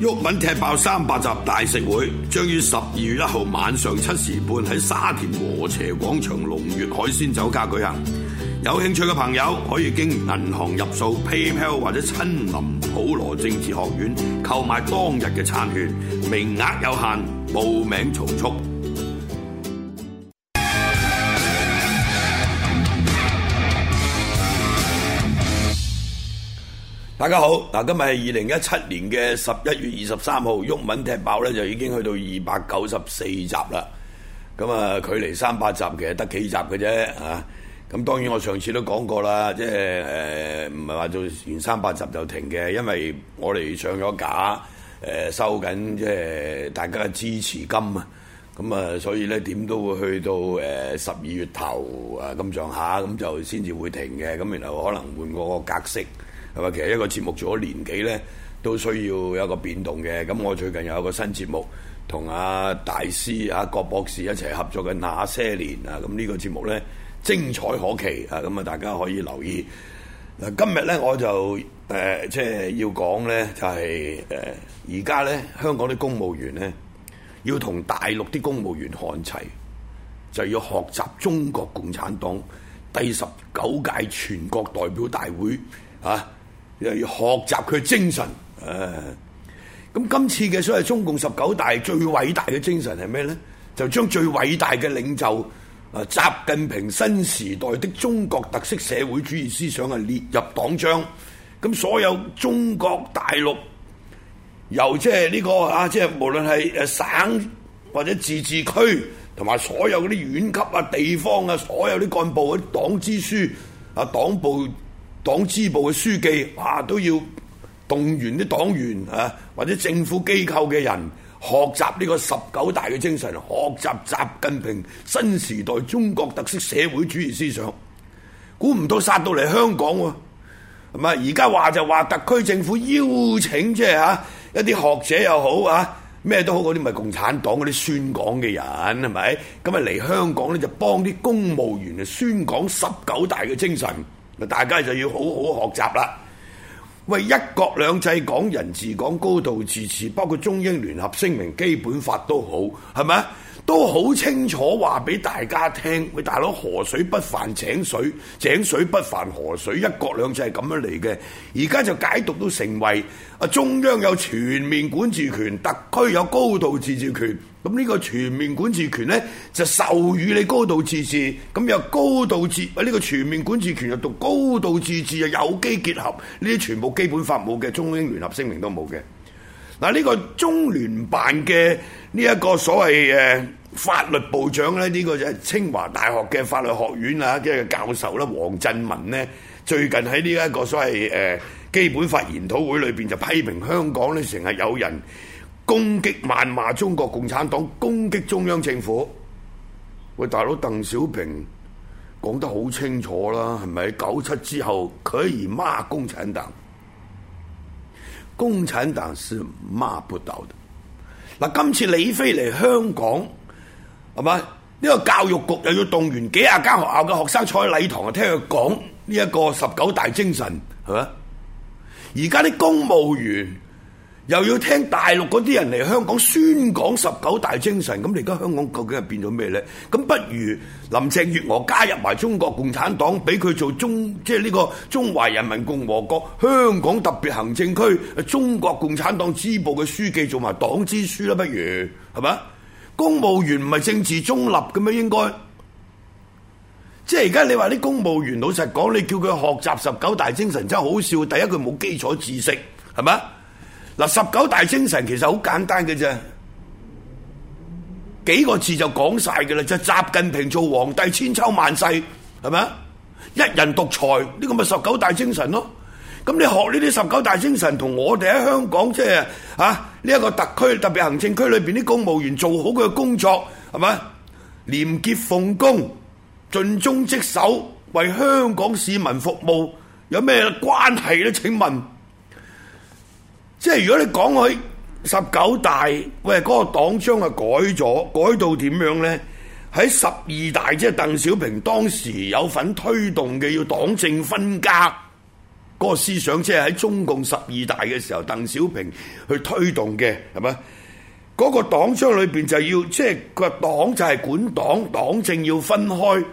毓民踢爆三百集大食會將於十二月一號晚上七時半喺沙田禾輋廣場龍悅海鮮酒家舉行。有興趣嘅朋友可以經銀行入數、PayPal 或者親臨普羅政治學院購買當日嘅餐券，名額有限，報名從速。大家好，嗱，今日係二零一七年嘅十一月二十三號，毓民踢爆咧就已經去到二百九十四集啦。咁啊，距離三百集其實得幾集嘅啫嚇。咁當然我上次都講過啦，即係誒唔係話做完三百集就停嘅，因為我哋上咗假誒收緊即係大家嘅支持金啊。咁啊，所以咧點都會去到誒十二月頭啊咁上下咁就先至會停嘅。咁然後可能換個格式。係咪其實一個節目做咗年幾呢，都需要有個變動嘅。咁我最近有個新節目，同阿大師啊郭博士一齊合作嘅《那些年》啊，咁呢個節目呢，精彩可期啊！咁啊，大家可以留意。嗱，今日呢，我就誒、呃、即係要講呢，就係誒而家呢，香港啲公務員呢，要同大陸啲公務員看齊，就要學習中國共產黨第十九屆全國代表大會啊！又要學習佢嘅精神，誒、啊，咁今次嘅所謂中共十九大最偉大嘅精神係咩呢？就將最偉大嘅領袖啊，習近平新時代的中國特色社會主義思想啊，列入黨章。咁所有中國大陸由即係呢個嚇，即、啊、係、就是、無論係省或者自治區同埋所有啲縣級啊、地方啊、所有啲幹部啊、黨支書啊、黨部。黨支部嘅書記啊，都要動員啲黨員啊，或者政府機構嘅人學習呢個十九大嘅精神，學習習近平新時代中國特色社會主義思想。估唔到殺到嚟香港喎，係咪？而家話就話特區政府邀請，即係嚇一啲學者又好啊，咩都好，嗰啲咪共產黨嗰啲宣講嘅人係咪？咁啊嚟香港咧就幫啲公務員嚟宣講十九大嘅精神。大家就要好好學習啦！喂，一國兩制，講港人治港，講高度自治，包括中英聯合聲明、基本法都好，係咪？都好清楚話俾大家聽，喂，大佬河水不犯井水，井水不犯河水，一國兩制係咁樣嚟嘅。而家就解讀到成為啊中央有全面管治權，特區有高度自治權。咁呢個全面管治權呢，就授予你高度自治，咁又高度自啊呢個全面管治權又同高度自治又有機結合，呢啲全部基本法冇嘅，中英聯合聲明都冇嘅。嗱，呢個中聯辦嘅呢一個所謂誒、呃、法律部長咧，呢、這個就係清華大學嘅法律學院啊嘅教授啦，黃振文咧，最近喺呢一個所謂誒、呃、基本法研討會裏邊就批評香港咧，成日有人攻擊、謾罵中國共產黨，攻擊中央政府。喂，大佬，鄧小平講得好清楚啦，係咪喺九七之後可以罵共產黨？共產黨是罵不倒的。嗱，今次你飛嚟香港，係咪呢個教育局又要動員幾廿間學校嘅學生坐喺禮堂啊，聽佢講呢一個十九大精神，係嘛？而家啲公務員，又要聽大陸嗰啲人嚟香港宣講十九大精神，咁你而家香港究竟係變咗咩呢？咁不如林鄭月娥加入埋中國共產黨，俾佢做中，即係呢個中華人民共和國香港特別行政區中國共產黨支部嘅書記，做埋黨支書啦，不如係咪？公務員唔係政治中立嘅咩？應該即係而家你話啲公務員老實講，你叫佢學習十九大精神真係好笑。第一，佢冇基礎知識，係咪？嗱，十九大精神其實好簡單嘅啫，幾個字就講晒嘅啦，就習、是、近平做皇帝千秋萬世，係咪啊？一人獨裁呢、這個咪十九大精神咯。咁你學呢啲十九大精神同我哋喺香港即係、就是、啊呢一、這個特區特別行政區裏邊啲公務員做好佢嘅工作係咪啊？廉潔奉公、盡忠職守，為香港市民服務，有咩關係咧？請問？即係如果你講佢十九大，喂嗰個黨章係改咗，改到點樣呢？喺十二大即係鄧小平當時有份推動嘅，要黨政分家個思想，即係喺中共十二大嘅時候，鄧小平去推動嘅，係咪？嗰個黨章裏邊就要即係佢話黨就係管黨，黨政要分開，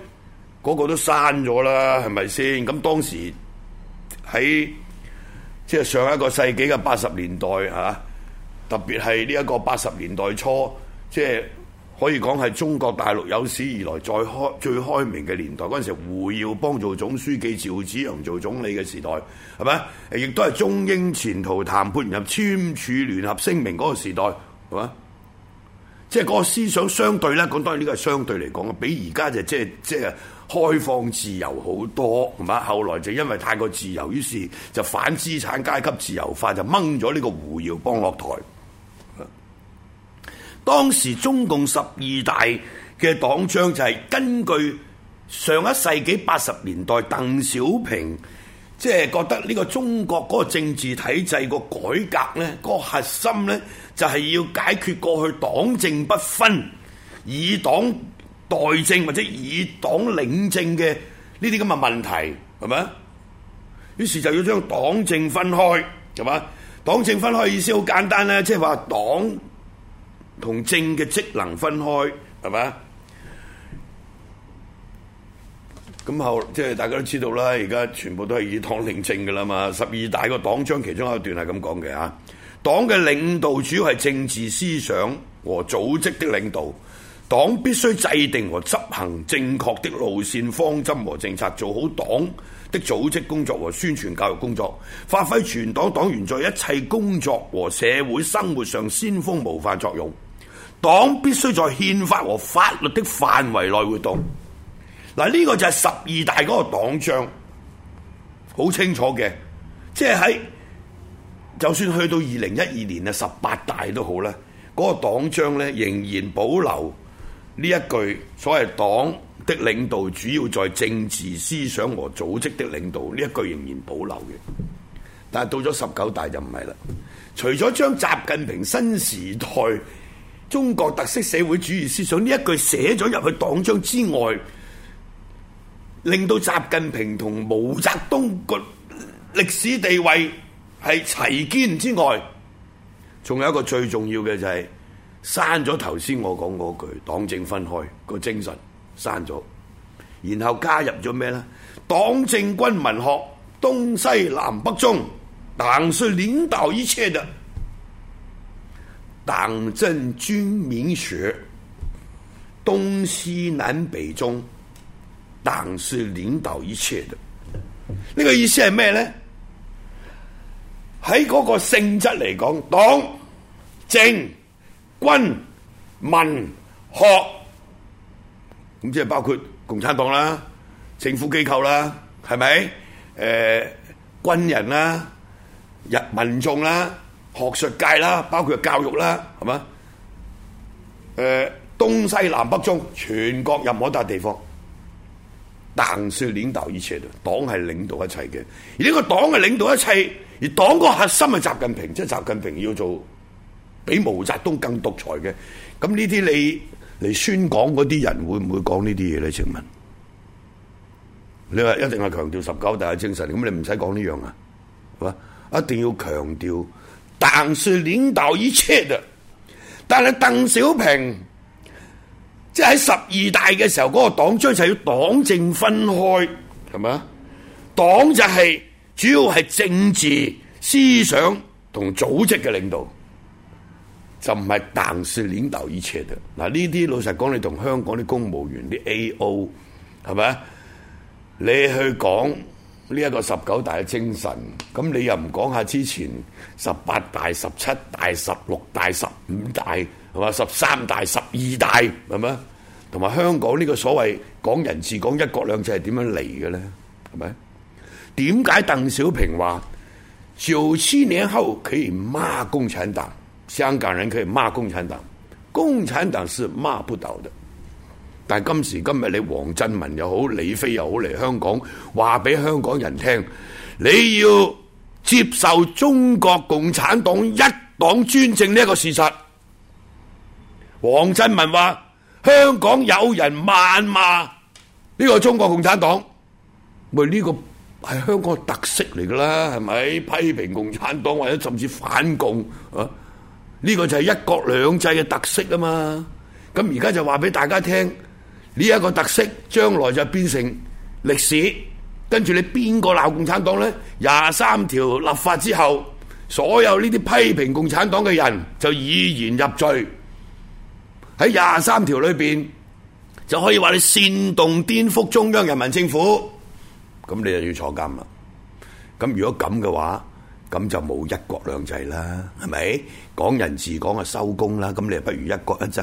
嗰個都刪咗啦，係咪先？咁當時喺。即係上一個世紀嘅八十年代嚇，特別係呢一個八十年代初，即係可以講係中國大陸有史以來最開最開明嘅年代。嗰陣時胡耀邦做總書記，趙紫陽做總理嘅時代，係咪？亦都係中英前途談判入簽署聯合聲明嗰個時代，係咪？即係嗰個思想相對咧，講當然呢個係相對嚟講比而家就即係即係開放自由好多，係嘛？後來就因為太過自由，於是就反資產階級自由化，就掹咗呢個胡耀邦落台啊。當時中共十二大嘅黨章就係根據上一世紀八十年代鄧小平，即係覺得呢個中國嗰個政治體制個改革呢、呢個核心呢。就係要解決過去黨政不分、以黨代政或者以黨領政嘅呢啲咁嘅問題，係咪啊？於是就要將黨政分開，係嘛？黨政分開意思好簡單啦，即係話黨同政嘅職能分開，係嘛？咁後即係大家都知道啦，而家全部都係以黨領政㗎喇嘛。十二大個黨章其中一段係咁講嘅嚇。黨嘅領導主要係政治思想和組織的領導，黨必須制定和執行正確的路線、方針和政策，做好黨的組織工作和宣傳教育工作，發揮全黨黨員在一切工作和社會生活上先鋒模範作用。黨必須在憲法和法律的範圍內活動。嗱，呢個就係十二大嗰個黨章，好清楚嘅，即係喺。就算去到二零一二年啊，十八大都好啦，嗰、那個黨章咧，仍然保留呢一句所謂黨的領導主要在政治思想和組織的領導，呢一句仍然保留嘅。但係到咗十九大就唔係啦，除咗將習近平新時代中國特色社會主義思想呢一句寫咗入去黨章之外，令到習近平同毛澤東個歷史地位。係齊肩之外，仲有一個最重要嘅就係刪咗頭先我講嗰句黨政分開，嗰個精神刪咗，然後加入咗咩呢？黨政軍民學東西南北中，黨是領導一切的。黨政軍民學東西南北中，黨是領導一切的。呢個意思係咩呢？喺嗰個性質嚟講，黨政軍民學，咁即係包括共產黨啦、政府機構啦，係咪？誒，軍人啦、日民眾啦、學術界啦，包括教育啦，係嘛？誒，東西南北中，全國任何一笪地方，鄧說領導一切，黨係領導一切嘅，而呢個黨係領導一切。而黨個核心係習近平，即係習近平要做比毛澤東更獨裁嘅。咁呢啲你嚟宣講嗰啲人會唔會講呢啲嘢咧？請問，你話一定係強調十九大嘅精神，咁你唔使講呢樣啊，係嘛？一定要強調，但是領導一切啊。但係鄧小平即係喺十二大嘅時候，嗰個黨章就係要黨政分開，係咪？黨就係，主要係政治思想同組織嘅領導，就唔係單是彈領導一切嘅。嗱，呢啲老實講，你同香港啲公務員、啲 A O，係咪？你去講呢一個十九大嘅精神，咁你又唔講下之前十八大、十七大、十六大、十五大，係嘛？十三大、十二大，係咪？同埋香港呢個所謂講人治講一國兩制係點樣嚟嘅咧？係咪？點解鄧小平話九七年後可以罵共產黨？香港人可以罵共產黨，共產黨是罵不倒的。但今時今日，你黃振文又好，李飛又好，嚟香港，話俾香港人聽，你要接受中國共產黨一黨專政呢個事實。黃振文話：香港有人謾罵呢、這個中國共產黨，喂呢、這個。係香港特色嚟噶啦，係咪批評共產黨或者甚至反共啊？呢、這個就係一國兩制嘅特色啊嘛！咁而家就話俾大家聽，呢、這、一個特色將來就變成歷史。跟住你邊個鬧共產黨呢？廿三條立法之後，所有呢啲批評共產黨嘅人就以言入罪。喺廿三條裏邊就可以話你煽動顛覆中央人民政府。咁你就要坐監啦！咁如果咁嘅話，咁就冇一國兩制啦，係咪？講人治講就收工啦，咁你不如一國一制。